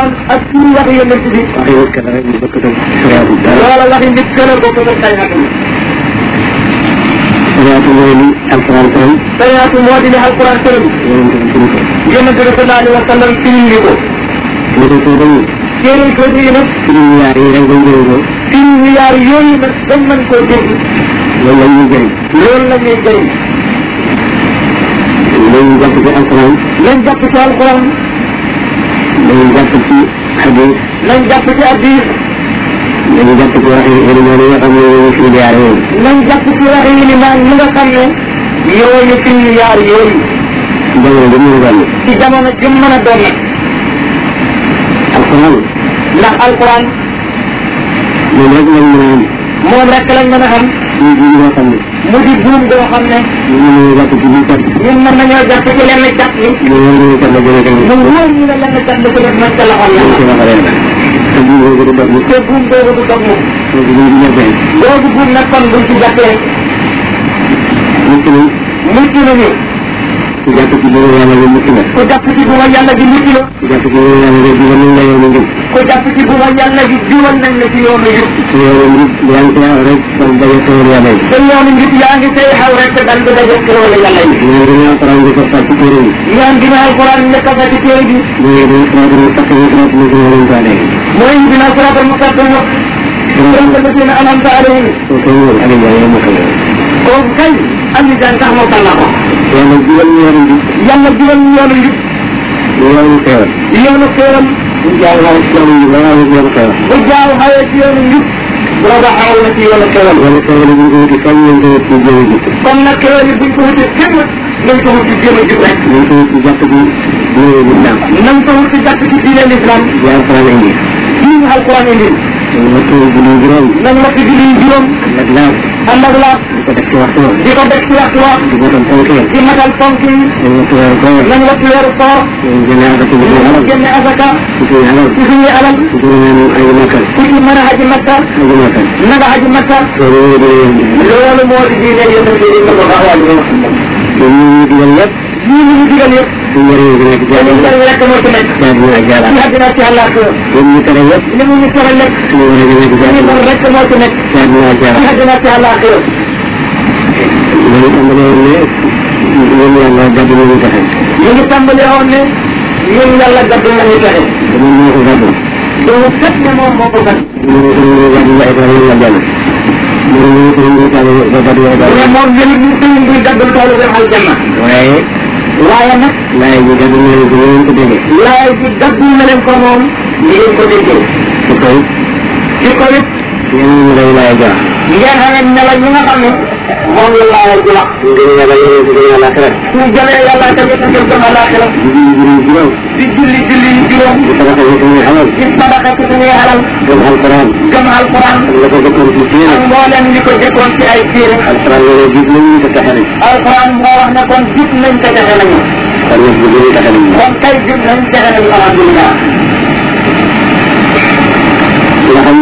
alquran ak suñu waxi yonent bi loola waxi nit gën a bokk ak ay xakam sayaatu moo di alquran tëram sayaatu moo di ne alquran tëram yonent bi sallallahu alayhi wa sallam firi ko ñu ko ko dañu keneen ko di nag firi yaar yi rek dañ jëriñ ko firi yaar yooyu nag dañ mën koo dégg loolu la ñuy jëriñ loolu la ñuy jëriñ nañ jàpp ci alquran nañ jàpp ci alquran dañuy jàpp ci hadis. nañ jàpp ci hadis. dañuy jàpp ci wax yi ni moom yi nga xam ne ñoo fi jaar yooyu. nañ jàpp ci wax yi ni moom ñi nga xam ne. ñoo ñu fi jaar yooyu. ci jamono jëm mën a doon. ci jamono jëm mën a doon nag. alquran. ndax alquran. moom rek lañ mën a am. moom rek lañ mën a am. buum bi nga xam ne. mu di buum boo xam ne. ñun mën nañoo jàpp ci biir kàtt. ñun mën nañoo jàpp ci lenn kàtt yi. ñu wóor ñu ne la gën a gën a. ñu wóor ñu ne la nga jàpp ko def man sa loxo la. te buum boobu du dog moom. te buum boobu du dog moom. boobu buum bi jàppee. boobu buum nag kon buñ ci jàppee. mucc nañu. mucc nañu. ku jàpp ci bëru yàlla bi mucc nga. ku jàpp ci bëru yàlla bi mucc nga. ku jàpp ci bëru yàlla bi diwal nañ la yoonu njub. ku jàpp ci bëru yàlla bi diwal nañ la ci yoonu njub. te yoonu njub yaa ngi xaw rek dal daje xewal yàlla yi. te yoonu njub yaa ngi tey xaw rek dal daje xewal yàlla yi. ñoom dañoo alquran di ko fàtt ci téere bi. ñoom dina alquran nekk fa ci téere bi. ñoom dañoo siraat mu fàtt mu siraat mu gën a leen taale. mooy dina siraat mu fàtt mu. donc kooku kay am na daan sax moom tàllaa ko. yàlla jubal ñu yoonu njub. yàlla jubal ñu yoonu njub. yoonu xeeram. yoonu xeeram. bu jaaw xawee ci yoonu njub dangaa wut yoonu xeeram. bu jaaw xawee ci yoonu njub. booba xaw na ci yoonu xeeram. yoonu xeeram bu ñu ko wuti fan ngeen ko wut ñu jéem a jub. kon nag xeeram yi bu ñu ko wuti kenn nañ ko wuti jéem a jub rek. nañ ko wuti jàpp ci diine l'islam. nañ ko wuti jàpp ci diine l'islam. di alquran indi. di alquran indi. nañ ma ko julli juróom. nañ ma ko julli juróom. nag laaj. ànd ak laab. di ko def ci waxtu woon. di ko def ci waxtu woon. di matal ponk yi. di matal ponk yi. nañu wattu weeru koor. nañu wattu weeru koor. nañu génne asaka. nañu génne asaka. ci suñu alal. ci suñu alal. ci suñu aji makka. ku ci mën a aji makka. aji makka. na nga aji makka. loolu moo di diine yëpp. loolu moo di diine yëpp. njëriñ bi nekk jàll na lekk moo ci nekk jàll na jàll na dina ci àllaa ko li mu ñu tere yëpp li mu ñu tere lépp suñu njëriñ bi nekk jàll na rek moo ci nekk jàll na jàll na dina ci àllaa ko ñu tàmbalee woon ne ñun yàlla gàddu nañu joxe ñu ngi tàmbalee woon ne ñun yàlla gàddu nañu joxe dañu ñoo ko gàddu loolu kat ne moom moo ko gàddu ñu ngi suñu gàddu la état ñu la jàll ñu ngi suñu gàddu la état ñu la jàll moom ñu ngi suñu gàddu la état ñu la jàll waaye waaye nag. laay bi gàddu na leen ko moom ko déggee. laay bi gàddu na leen ko moom. ñu ngi ko déggee. ci kaw it. ci kaw it. yéen ñu ngi lay laay gaaw. jeexale na la ñu nga xam ne. moom la laa leen di wax. ngeen yàlla yéen a ngi laa xelal. su jëlee yàlla tamit ngeen gëm laa xelal. di julli juróom. di julli julli juróom. di sadaqa ci suñuy alal. di sadaqa ci suñuy alal. gëm alquran. gëm alquran. ak la ko jëkkoon ci téere. ak mboolem li ko jëkkoon ci ay téere. alquran loolu jub nañu te texe nañu. alquran moo wax ne kon jub nañ te texe nañu. kon nag jub nañu texe nañu. kon tey jub nañ texe nañu alhamdulilah. ndax am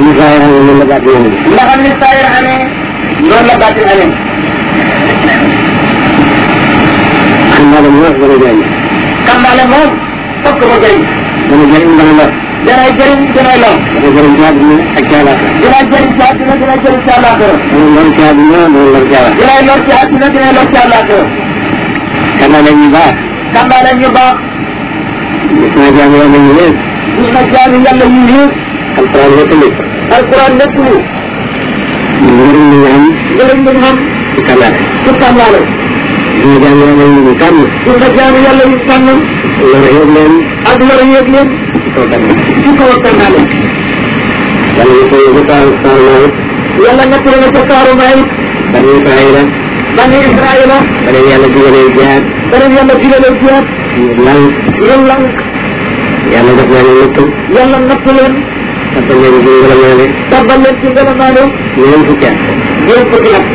li saa yoo xam ne la baat yoo xam ne. ndax am li saa yoo xam ne. noonu la baatin amee. Kambaale moom dana jëriñ. Kambaale moom fokk ma jëriñ. dana jëriñ dana lor. dana jëriñ dana lor. dana jëriñ ci àdduna ak ci àllaaxira. dana jëriñ ci àdduna dana jëriñ ci àllaaxira. dana lor ci àdduna dana lor ci àllaaxira. dana lor ci àdduna dana lor ci àllaaxira. Kambaale ñu baax. Kambaale ñu baax. gis naa jaamu yàlla yu wér. gis naa jaamu yàlla yu wér. alquran lépp lépp. alquran lépp lépp. ñu am. njëriñ li mu am. ci tàllaale. ci tàllaale. ñu jaamu yàlla yi ñu tànn. ñu nga jaamu yàlla yi tànn. lor yëg leen. ak lor yëg leen. ci kaw tànnaale. ci kaw tànnaale. yàlla nga koy ba saaru saaru nawet. yàlla nga koy ba saaru nawet. bani Israaïla. bani Israaïla. bari yàlla digalee jihaad. bari yàlla digalee jihaad. ñu lànk. ñu lànk. yàlla def naa leen nattu. yàlla nattu leen. tabban nañ ci ngërëmaane. tabban nañ ci ngërëmaane. ñoom fukki at. ñoom fukki at.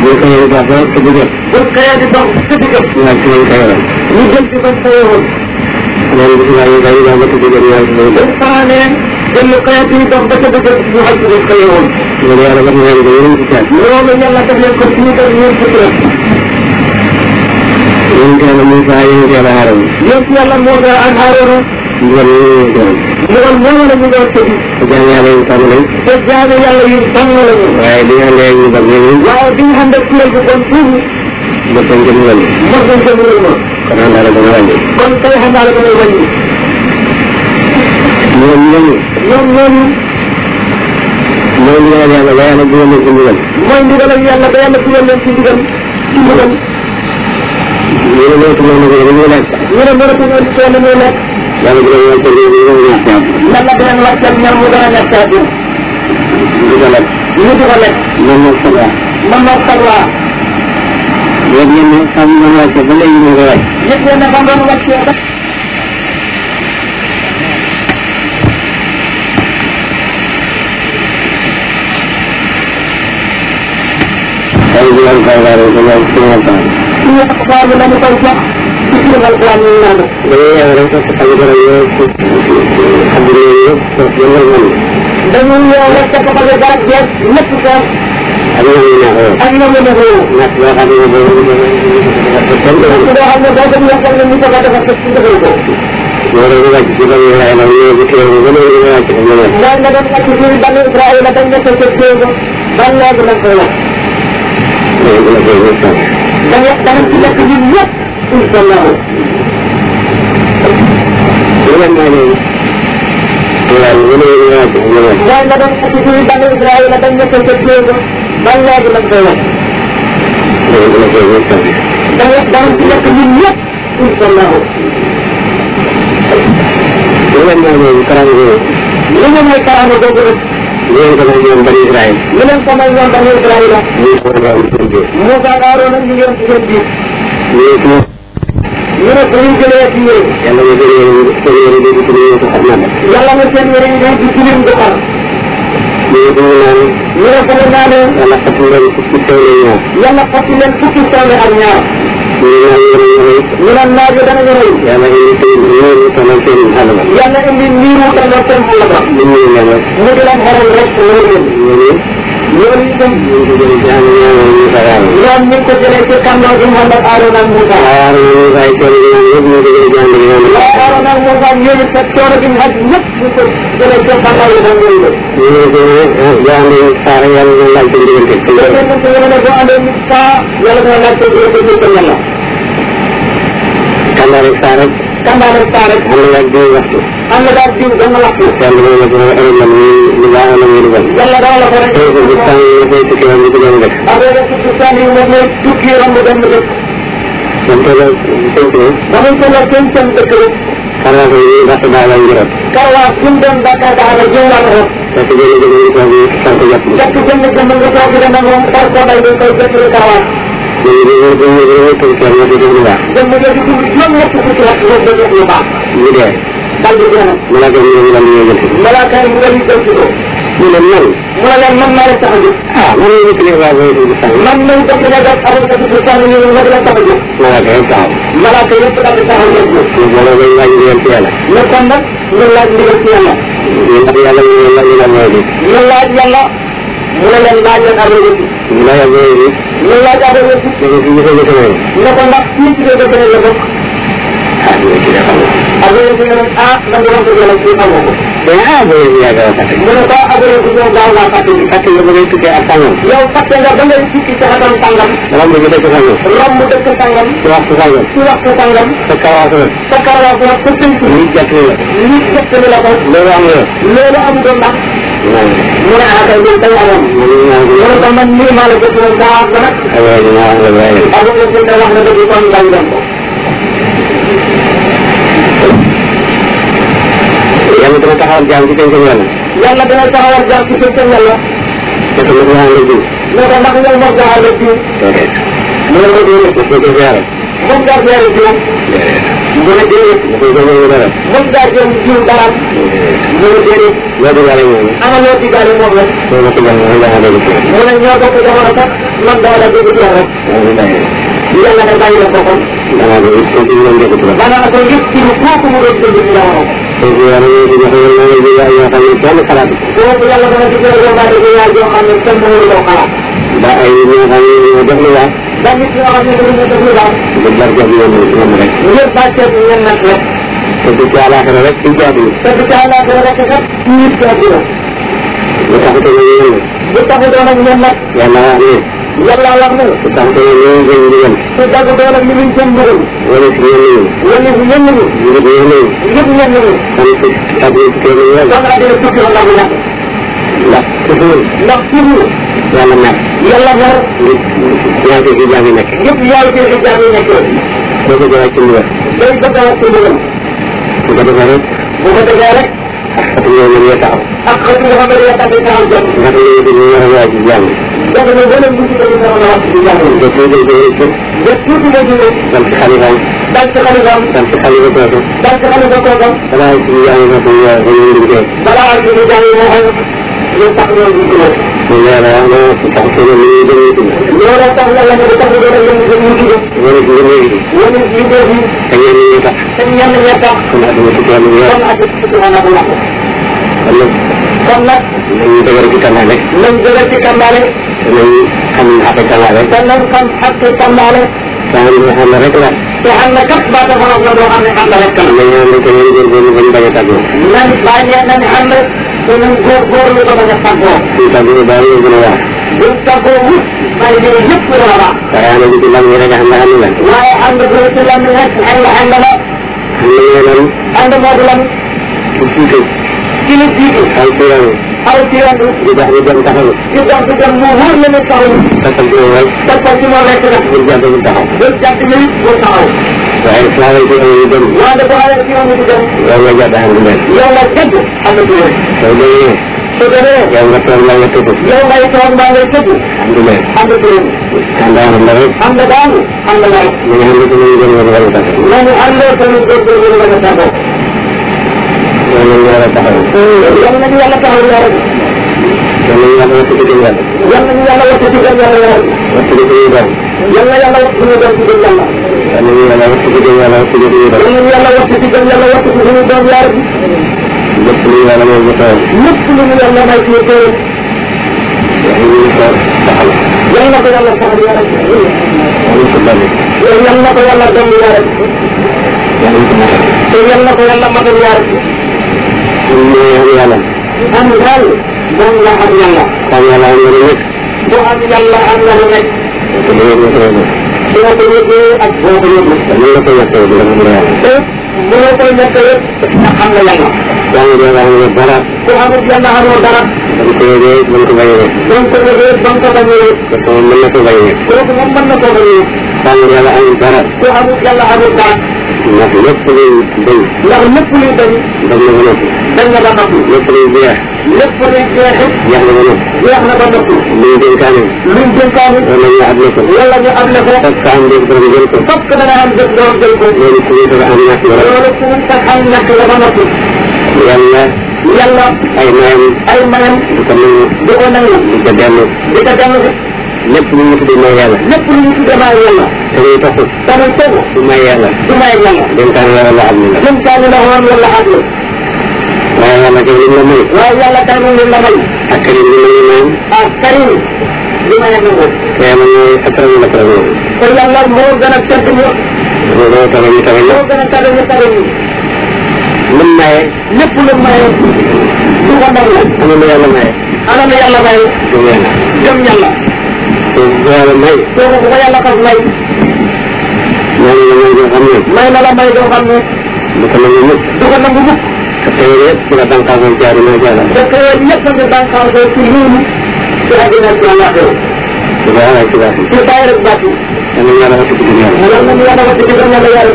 ñu ngi koy dox ba te dugal. buñ xëyee di dox te dugal. ñaar ci lañ xëyoon. ñu jëm ci ban xëyoon. ñoom gis naa ñu bàyyi dox ba te dugal ñaar ci lañ xëyoon. buñ fanaanee jël lu xëyee di dox ba te dugal ñu xam ci lañ xëyoon. loolu yàlla def na leen ko yeneen fukki at. loolu yàlla def leen ko suñu def ñoom fukki at. yéen yàlla Moussa yéen yàlla Harouna. yéen yàlla Moussa ak Harouna. ndigal moom la ñu ndigal moom la ñu doon tëdd. te jaam yàlla yu tàmm lañ. te jaam yàlla yu tàmm lañu. waaye bi nga xam ne ñu bëgg ñu. waaye bi nga xam ne kuréel bu bon tuuti. mos nañ jëm wàññi. mos nañ jëm wàññi. kon xanaa la gën a wàññi. kon tey xanaa la gën a wàññi. ñoom ñooñu. ñoom ñooñu. mooy ndigal yàlla ba yàlla dugal leen ci ndigal. mooy ndigal yàlla ba yàlla dugal leen ci ndigal. ci ndigal. ñu ne mënatu ñoo nag ñu laaj. ñu ne mënatu ñoo nag yàlla dina leen wàccal ñu gën a nekk yàlla dina leen wàccal ñoom ñu gën a nekk yàlla. ñu di ko lekk. ñu di ko lekk. man moom salwaa. man moom salwaa. yéen yéen ñëpp xam nga wàcce ba léegi ñu ngi koy wàcc. yéen yéen a xam nga wàcce ba. waaye bi nga xam ne alxuraan ñu naan dañuy yàlla rek sa xam dara yow si xam ne yëpp sa yëngal man dañu yow rek sa xam ne dara jeex ñëpp sa ak ñoom ñu neexoo ak ñoom ñu neexoo nag loo xam ne boobu loo xam ne boo dem yokkal ne mu ko defar sa ci defal ko loolu ñu wàcc ci bani Israël ñoo bu téew ba léegi ñu wàcc ak ñoom loolu nga doon wàcc ci bani Israël dañ nekk sa téew ban léegi nag ko wax loolu la koy wërsëg da nga da nga ci nekk ñun ñëpp insallahu mooy nga doon ci suñu banu Israël la bañ nekk sa jéego ban léegi lañ koy wax. da nga da nga ci nekk ñun ñëpp insallahu. li nga mooy karaama googu rek. ñoom ko may ñoom banu Israël. ñu leen ko may ñoom banu Israël la. Moussa Aaron ak ñu ngi ci seen biir. ñu ne bu ñu jëlee ci yéen. yàlla nga jëlee yéen ñu ci yéen ko xam naa. yàlla nga seen yéen ñu ngi ci lim ko xam. ñu ne bu ñu naan. ñu ne bu ñu naanee. yàlla fàttali leen fukki soxla ñaar. yàlla fàttali leen fukki soxla ak ñaar. ñu ne naan yéen a rëy. ñu naan naaj yi dana ñu rëy. yàlla indi seen ñoom ñu sonal seen xel ba. yàlla indi nii mu sonal seen xel ba. ñu ngi leen a. ñu ngi leen xelal rek ñu ngi leen. loolu itam. ñoom ñu ko jëlee ci kàndoo gi Muhammad Aaroona ak Muusa. Aaroona ak Muusa ñoom it sax coono gi xaj ñëpp ñu ko jëlee ci kàndoo gi moom ñoom it. ñu ngi koy jaandi saara yàlla na laaj seen diggante. loolu itam su yéene boo amee nit saa yàlla na laaj seen diggante ñu ko yàlla. Kandaare saara. Kandaare saara. am na daal diw waxtu. am na daal diw dama waxtu. yàlla dara la ko rek. ko ko ko ko mu ne man. mu ne leen man maa leen tax a jóg. ah man mii nit ñi nga xam ne man mii nit ñi nga xam ne amul katu saa ñu ne man leen tax a jóg. malaaka yëpp taxaw. malaaka yëpp daal di taxaw ñoom. ñu mën a laaj ndigal ci yàlla. mais kon nag ñu laaj ndigal ci yàlla. ndax yàlla ñu ne laaj ndigal mooy bi. ñu laaj yàlla. mu ne leen laaj leen abdoulaye bi. ñu laaj abdoulaye bi. ñu laaj abdoulaye bi. ñu ngi fi ñu ko gëstoo. ne ko ndax fii ci la gëstoo la bokk. yéen si nga ne ah man de wax dëgg yàlla kii xamoo ko. mais ah booy yéen yaa gaaw a fàtte. mu ne ko ah booy yéen yow daaw laa fàtte. fàtte nga ba ngay tukkee ak sàngam. yow fàtte nga ba ngay tukki sa xatam sàngam. romb bi dëkk sàngam. romb dëkk sàngam. ci waxtu sàngam. ci waxtu sàngam. sa karawaas la. sa karawaas la sa tënk. lii jàpp la. lii jàpp la ko. loolu am la. loolu am nga ndax. mu ne ah kay ñun dañu amoon. mu ne ko man nii maa la gëstu woon saa waat la nag. aywa dinaa wax la waaye. wax na dëgg kon daañu dem ko. yàlla dana taxawal jaam ci pencam yàlla. yàlla dana taxawal jaam ci pencam yàlla. te tamit nga xam ne jiw. mais nag ndax ñoom moom daa am rek jiw. déedéet. loolu la ñu nekk ci pencam yàlla. moom daa fi yàlla jiw. déedéet. mu ne déedéet. da koy jëmee lu dara. moom daa jëm jiw dara. mu ne déedéet. ñoo digaale moom. ama ñoo digaale moom rek. ñoo ma digaale moom daa xam ne jiw. mu ne ñoo bokk jamono sax man daa la dégg jiw rek. yàlla da bàyyi la boppam. maanaam ko yëpp ci lu kooku mu doon dégg ci jamono. léegi yàlla ñëw di joxe yoon mooy li nga xam ne kenn xalaatu. loolu yàlla dama ci gërëm yow Mbacke Gueye yoo xam ne kenn mënu ko xalaat. ba ay ñi nga xam ne ñoo def lu baax. ba nit ñoo xam ne dañoo def lu baax. lu barke bi ñoom ñoom rek. ngir barke bi ñoom nag rek. te du ci àllaaxira rek ci jaadu. te du ci àllaaxira rek kat ci jaadu la. bu taxutoo nag ñoom nag. bu taxutoo nag ñoom nag. yàlla wax ne. yàlla wax na la. su tànk yooyu ngeen digal. su tànk doole mi ngi jëm bëgëm. wala si yéen ñi. wala si yéen ñi. yëpp yéen ñi. yëpp yéen ñi. kon si ab yi kër yi yàlla. kon rajo yi tukki woon naa ko ñàkk. ndax toujours. ndax toujours. yàlla mer. yàlla mer. nit yaa ngi ci jaam yi nekk. ñëpp yaa ngi ci jaam yi nekk. doo ko jëlaat ci ndigal. day ko jëlaat ci ndigal. bu ko defee rek. bu ko defee rek. ak xatu yoo xam ne taxaw. ak xatu yoo xam ne taxaw jot. nga xam ne ñu war a waaj jàng. def na wala mu ci doon sama wax ci jàng yi. dëgg dëgg dëgg. def tuuti dëgg rek. sant xalifaam. sant xalifaam. sant xalifa kooku. sant xalifa kooku. balaa suñu jàng na suñu yaay suñu liggéey. balaa suñu jàng moo xam ñu tax ñoo di ko def. mu leer ah ma tax sa yoon yi dem ci. loolu tax la la tax ñu doon dem dem ci def. wala ci liggéey bi. wala ci liggéey bi. te ñenn ñi tax. te ñenn ñi tax. kon at ma ci kenn ñaar. kon at ma ci kenn ñaar. kon nag. nañu dëgër ci tàmbaale. nañu dëgër ci tàmbaale. nañu xam xaqi tàmbaale. te nañu xam xaqi tàmbaale. saa yi nga xam ne rek la. te xam ne kat baat a faral la doo xam ne xam na rek. mais ñoo ngi koy góorgóorlu ba ñu bañ a tàggoo. nañ bàññee nañ xam ne danañ góorgóorlu ba bañ a tàggoo. suñ tàggoo daal ñu gën a waar. buñ tàggoo wut. bàyyi bi ñëpp gën a baax. waaye am na ci lan yi rek xam na xam na lan. waaye am na ci lan rek xam na xam na la. xam na lan. ànd moo di lan. ci ci la jiitu. aw tiiraan. aw tiiraan. di dox di dem taxawu. di dox di dem mu wóor la ne taxawu. taxaw ci moom rek. taxaw ci moom rek nag. bul jàpp ñu taxaw. bul jàpp ñu bul taxaw. waaye saa lañ ci amee ñu dem. waaw dafa amee ci amee ñu dem. yow nga jàpp am na yow nga jàpp am na ci yow. soo demee. soo demee. yow nga toog mbaa nga tëdd. yow ngay toog mbaa ngay tëdd. am na mel. am na ci yow. kàndaar la rek. am na daanu. am na nawet. ñu ngi ànd ci ñu gën a war a taxaw. nañu àndoo tamit góorgóorlu nga ko taxaw. yàlla ñu yàlla taxaw. yàlla nañu yàlla taxaw yàlla. yàlla ñu yàlla wattu ci gën yàlla. yàlla nañu yàlla wattu ci gën yàlla yàlla. wattu ci gën yàlla. yàlla yàlla wattu ci gën ci gën yàlla. yàlla ñu yàlla wattu ci gën yàlla wattu ci gën yàlla. yàlla ñu yàlla wattu ci gën yàlla wattu ci gën doom yàlla. lépp lu ñu yàlla may ñu tawal. lépp lu ñu yàlla may ñu tawal. yàlla ñu ko taxaw. yàlla na ko yàlla taxaw yàlla. yàlla na ko yàlla dolli yàlla. yàlla na ko yàlla matal yàlla. yàlla. am daal moom la am yàlla. am yàlla am na lu nekk. bu am yàlla am na lu nekk. boo ko yëgee ak boo ko yëgul. mën nga koy yàqee bu la mën a yàlla. te mënoo koy yàqee yëpp ndax am na yàlla. yaa ngi doon amul dara. ku amul yàlla amoo dara. dañ ko yëgee dañ ko bàyyi. donc yëgee ba nga ko bàyyi. kooku moom mën na ko bàyyi. kooku moom mën na ko bàyyi. yaa ngi yàlla amul dara. ku amul yàlla amul dara. ndax lépp luy dañ. ndax lépp luy dañ. dañ na ba noppi. dañ na ba noppi. lépp luy jeex. lépp luy jeexee. jeex na ba noppi. jeex na ba noppi. luñ dénkaane. luñ dénkaane. wala ñu ab lekk. wala ñu ab lekk. fokk am dëgg borom jël ko. fokk dana am dëgg borom jël ko. loolu ku ñu am ñàkk la. loolu ku ñu am ñàkk la ba noppi. yàlla. yàlla. ay mayam. ay mayam. du ko nangu. du ko nangu. du ko dellu. du ko dellu. lépp lu ñu tuddee mooy yàlla. lépp lu ñu tuddee mooy yàlla. te muy topp. te muy topp. du may yàlla. du may yàlla. dénkaan la wala am na. dénkaan la wala am na. waaye yàlla tey li mu la may. waaye yàlla tey moom la may. ak karim bi mu naan. ak karim bi ma nekk moom. te yàlla mooy attarame la attarame. te yàlla moo gën a tëdd ñëpp. moo gën a tëdd ñu tëdd ñëpp. moo gën a tëdd ñu tëdd ñëpp. lu maye. lépp lu maye. du ko ndaw la. ana lu yàlla maye. ana lu yàlla maye. jëm yàlla. jëm yàlla. yàlla may. kooku bu ko yàlla xas may. may na la may doo xam ne. may na la may doo xam ne. du ko nangu mukk. du ko nangu mukk. te tey rek ci la bànqaasoo jaari naa jaara. te tey ñëpp nga bànqaasoo ci loolu. ci àddina ci àllaaxira. ci bàyyi rek bàtt. yàlla na yàlla wasa ci gëm yàlla. yàlla na yàlla wasa ci gëm yàlla yàlla.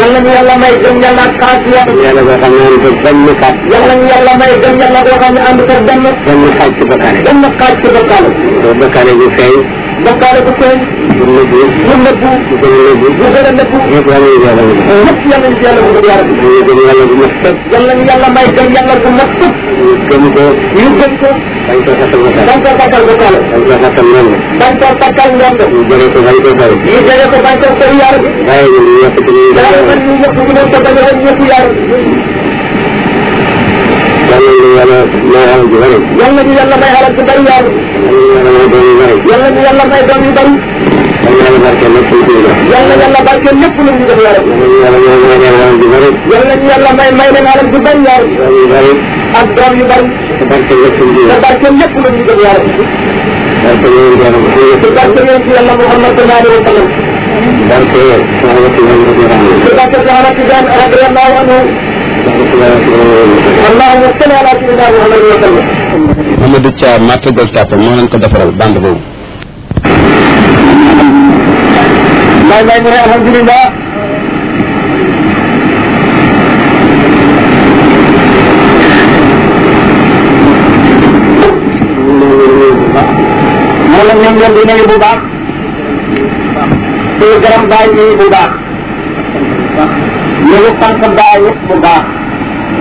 yàlla na yàlla may gëm yàlla xaas. yàlla na yàlla may gëm yàlla xaas yàlla. yàlla boo xam ne ànd ak benn xaaj. yàlla na yàlla may gëm yàlla boo xam ne ànd ak benn. benn xaaj ci bakkaale. benn xaaj ci bakkaale. loolu bakkaale bu feeñ. bakkaale bu feeñ. bu nëbbu. bu nëbbu. bu gën a nëbbu. bu gën a nëbbu. ñëpp yàlla nañu yàlla wut. ñëpp yàlla nañu yàlla wut yàlla. yàlla na yàlla may gëm yàlla bu mat sëkk. gëm ko. ñu gëm ko. bañ ko takkal ba taal. bañ ko takkal ba taal. bañ ko takkal noonu la. bañ ko takkal noonu la. ñu jëlee ko bañ ko taal. ñu jëlee ko bañ ko taal yar. waaye ñun ñu yokk ci ñun. waaye man ñu yokk ñu doon ko bañ a woon ñëpp yar. yàlla na yàlla may alal ju bëri. yàlla na yàlla may alal ju bëri yar. yàlla na yàlla may doom yu bëri. yàlla na yàlla may doom yu bëri. yàlla na yàlla barke lépp lu ñu def yar. yàlla na yàlla may alal ju bëri. yàlla na yàlla may may leen alal ju bëri yar. ak doom yu bari. te barke lépp lu ñu. te barke lépp lu ñu gëm yàlla ci. barke yooyu yàlla bu xëyee. te barke yooyu ci yàlla Muhammad sallallahu alayhi wa sallam. barke soxna si yàlla bu gërëm. te barke soxna si daan radiyallahu anhu. allahumma salli ala sayyidina Muhammad wa sallam. Mamadou Thia Martagal Tapa moo leen ko defaral bande boobu. may may mu ne alhamdulillah. leen di nuyu bu baax di gërëm baay nuyu bu baax ñu ngi sant baay yëpp bu baax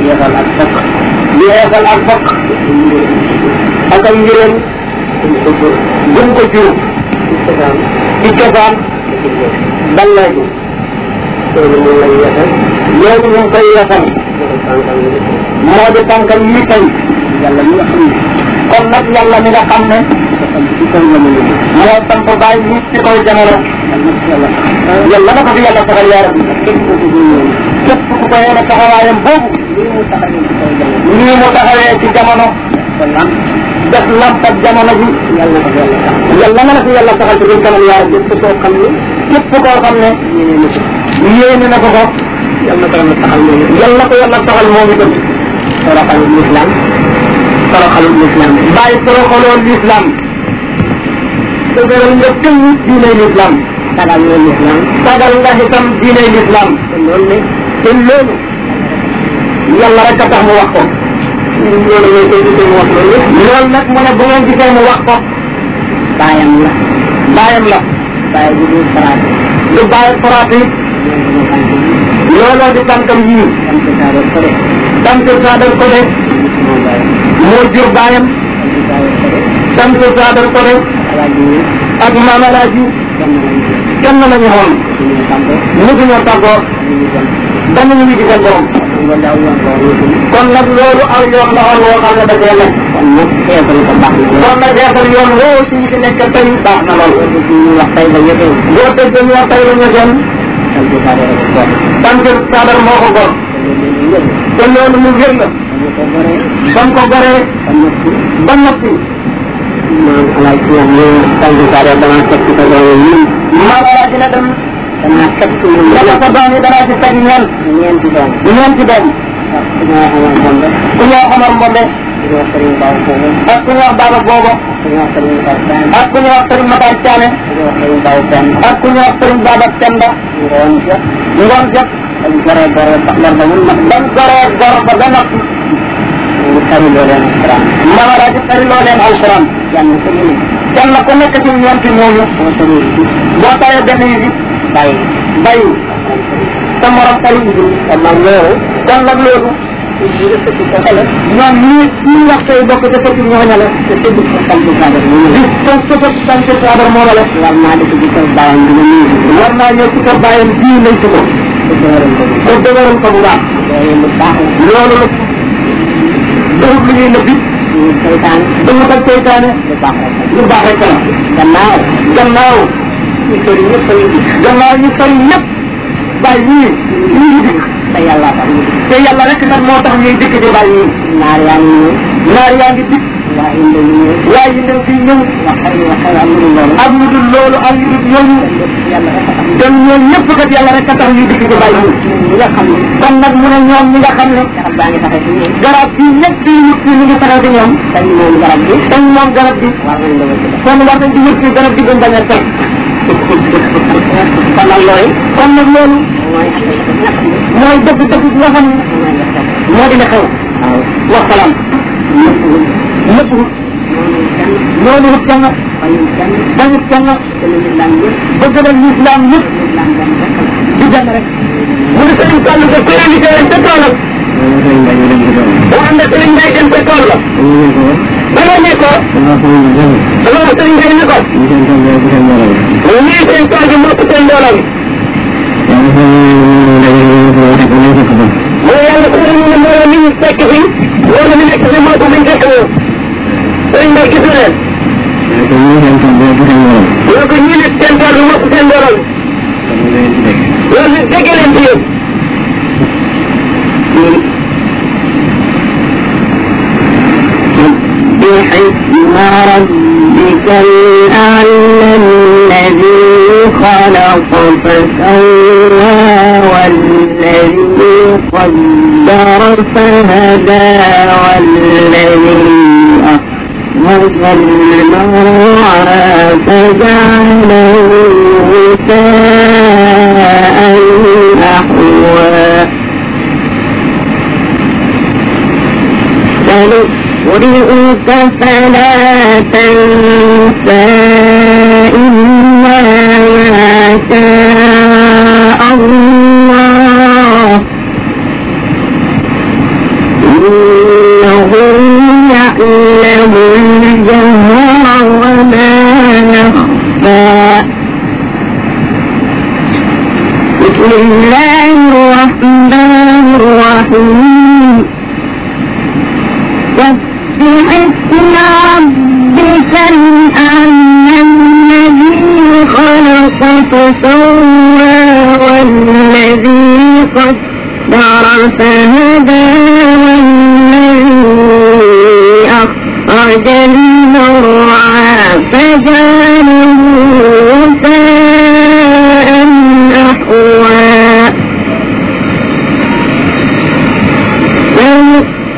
yeesal ak bokk yeesal ak bokk ak ak njëriñ gën ko jur ci cosaan ban lay loolu ñu ngi koy yeesal loolu ñu ngi koy yeesal moo di tànkal mi tey yàlla mi nga xam ne kon nag yàlla mi nga xam ne moo samp bàyyi nit ci kaw jamono. yàlla na ko fi yàlla saxal yaa rabbi. képp ku ko yéene taxawaayam boobu. nii mu taxawee ci jamono. def lamp ak jamono ji. yàlla na la fi yàlla saxal ci biir jamono yaa rabbi. képp koo xam ne. képp koo xam ne. yéene na ko ko. yàlla na ko yàlla saxal moom itam. yàlla na ko yàlla saxal moom itam. toroxalul lislaam. toroxalul lislaam. bàyyi toroxalul lislaam. dëgëral nga tënk diiney lislaam sagal nga lislaam sagal nga itam diiney lislaam te loolu ne te loolu yàlla rek a tax wax ko loolu ngay koy gisee mu ne bu ngeen gisee wax ko baayam la baayam la baay bu dul faraat lu baay faraat yi looloo di tànkam yii tànk ko de moo jur baayam tànk saadal ko de ak maam El Hadj kenn lañu xool mësuñoo tàggoo ba ñu ngi gisal borom kon nag loolu aw yoon la woon woo xam ne da cee nekk kon nag xeetal yoon woo ci ñi fi nekk tey baax na lool boo tëj dañu wax tey la ñëteen tànk saadar moo ko gor te loolu mu wér la ba mu ko goree ba noppi አላችሁ የሚል ከዚህ ጋር በማንሰት ተገኝ ማባላጅ ነጥም እናከቱ ለተባኒ በራጅ ተገኛል እኛን ትዳን እኛን ትዳን እኛ ሆመር ሞለ Akunya baba bobo. Akunya sering makarcane. Akunya sering baba tenda. Ngonjak. Ngonjak. Gara-gara tak dan gara-gara berdenak sariloo leen alquran mawalaa ji sariloo leen alquran yàlla sa ñu kenn ku nekk ci ñoom ci ñooñu boo sañee boo tawee benn yi bàyyi bàyyi sa morom tali yi maanaam loolu kon nag loolu ñoom ñii ñii waxtu yi bokk dafa ci ñooña la te tëdd ko sant sadar di ko sëfa sant sadar moo la war naa def ci kër bàyyam bi nga war naa ñëw ci kër bàyyam bii lay ko ko dëgëral ko bu baax loolu dawut lu ñuy nëbbi. dawut ak seytaane. lu baax rek lu baax rek gannaaw. gannaaw. ñu sori ñëpp a ngi gannaaw ñu sori ñëpp. bàyyi ñii ñu ngi dikk. te yàlla tax ñu dikk. te yàlla rek nag moo tax ñuy dikk di bàyyi ñii. naar yaa ngi ñëw. naar yaa ngi dikk. waaye yi dem fii ñëw ak lu dul loolu ak lu dul yooyu dem ñoom ñëpp kat yàlla rek a tax ñu dikk ci bàyyi kon nag mu ne ñoom ñi nga xam ne garab fii ñëpp fii ñu fii ñu ngi taxaw ci ñoom dañ moom garab bi kon war nañ di wër ci garab bi gën bañ a teg kon nag loolu kon nag loolu mooy dëgg dëgg bi nga xam ne moo dina xew wa salaam lépp wut. loolu wut kenn. bañut kenn. bëgg na lislaam yëpp. di dem rek. mu ngi sëriñ Fall ba kuréel yi teel a tollam. boo ànd ak sëriñ Mbaye dem ba toll la. ba nga ne ko. loolu sëriñ Mbaye ne ko. lii seen tool bi moo ëpp seen mbooloo bi. mooy yàlla ku ne ñu ne mbooloo mi ñu fekk fi. mbooloo mi nekk fi moo ko mën a sëriñ bi gisu leen. loolu ko ñu nit seen tool bi mokk seen borom. loolu dégg leen ci yéen. بحكم ربك الأعلى الذي خلق فسوى والذي قدر فهدى والذي أخرج المضمار فجعله ساء أحوى سنقرئك فلا تنسى إلا ما شاء الله إنهم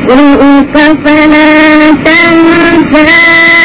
الرؤوس فلا تنفع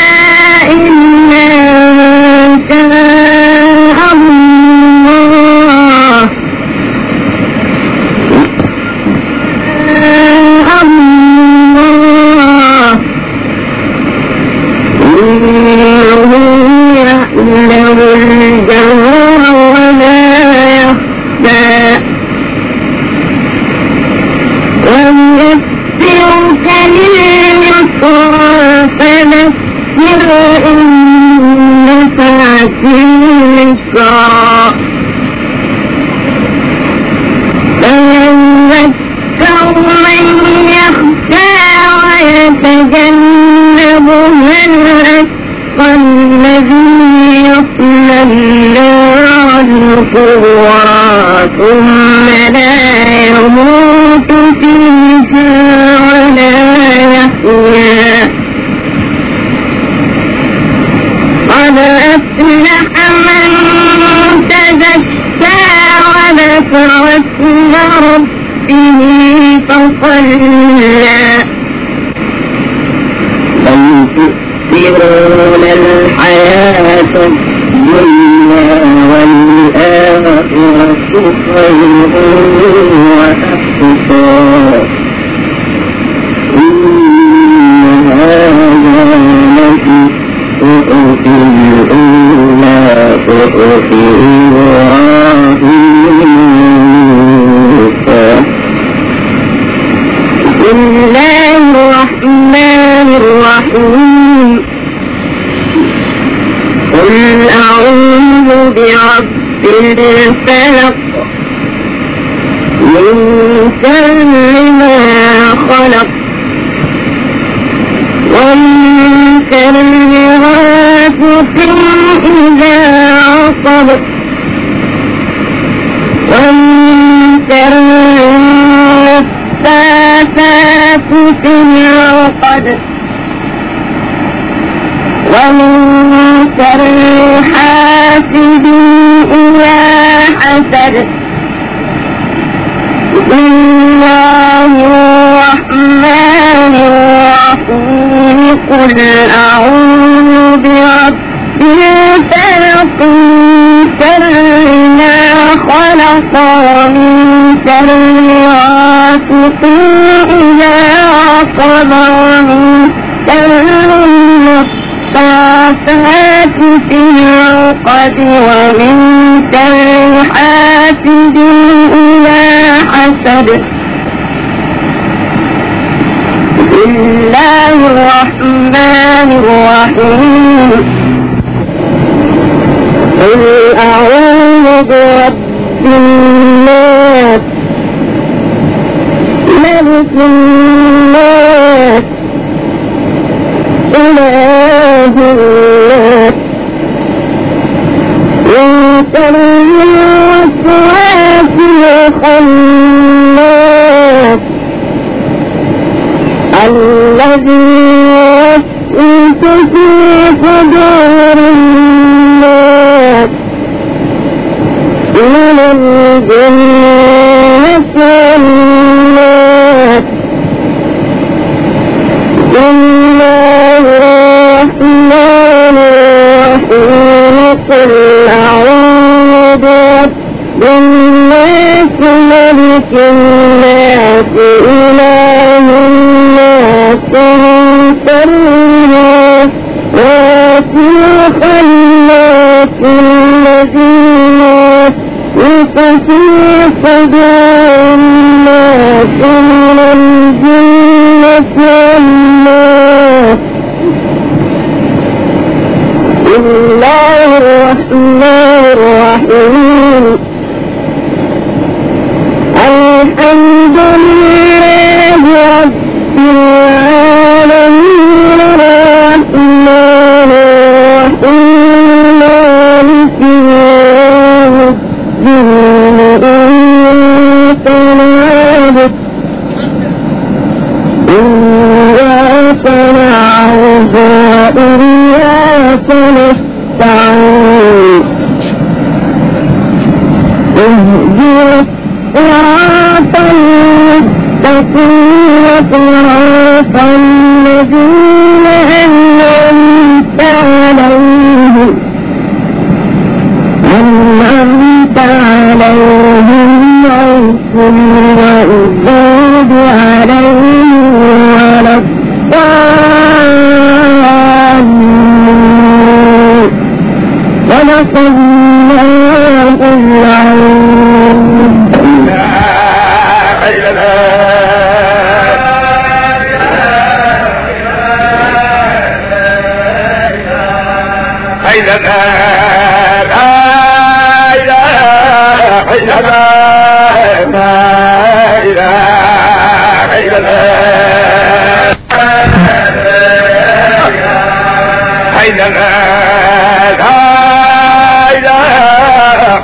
صلى شر ما خلق ومن شر غاسق إذا عصب ومن شر النفاثات في العقد ومن شر حاسد إذا حسد الله الرحمن الرحيم قل أعوذ برب الفلق شر ما خلق ومن شر غاسق إذا عقب ومن شر الصافات في العقد ومن شر حاسد إذا البدر بسم الله الرحمن الرحيم قل أعوذ برب الناس ملك الناس إله الناس من شر الوسواس الخناس الله الذي يسوس في صدور الناس من الجنة والنار ملك ملك الناس إله الناس من شرها وفي الخلات الذين يقفي صدور الناس من الجنة والناس بسم الله الرحمن الرحيم الحمد لله رب العالمين الرحمن الرحيم مالك يوم الدين إياك نعبد إياك نعبد وإياك نستعين اهدنا صراط المستقيم صراط الذين أنعمت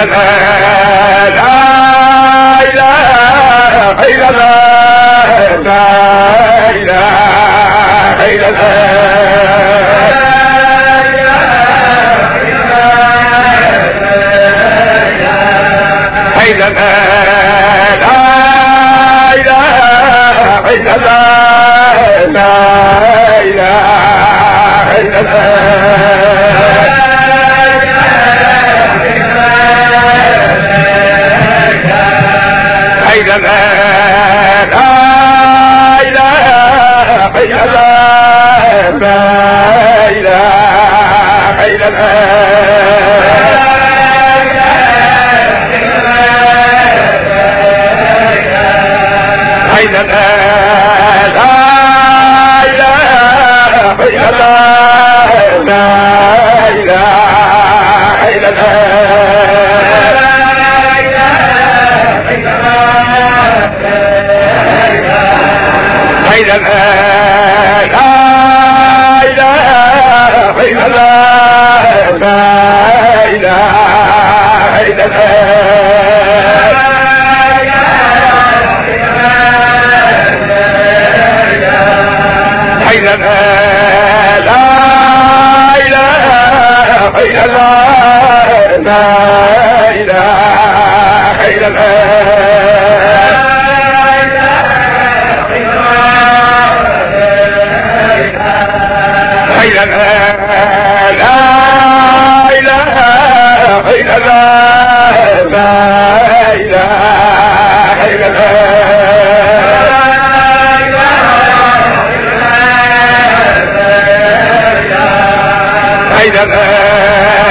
لا إله إلا الله لا إله إلا الله لا إله إلا الله لا إله إلا الله إلى الآن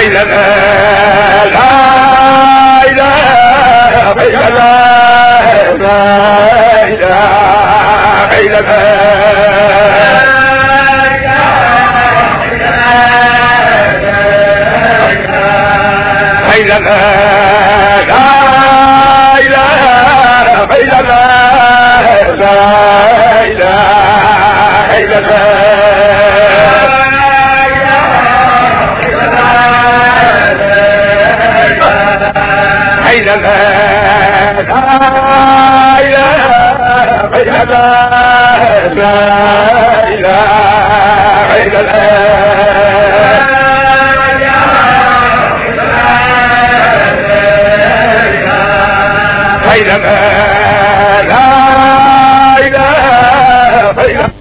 bayna la laa ilaaha bayna la laa ilaaha bayna la لا إله إلا الله لا إله إلا الله أينما لا إله إلا الله لا إله إلا الله بينما لا إله إلا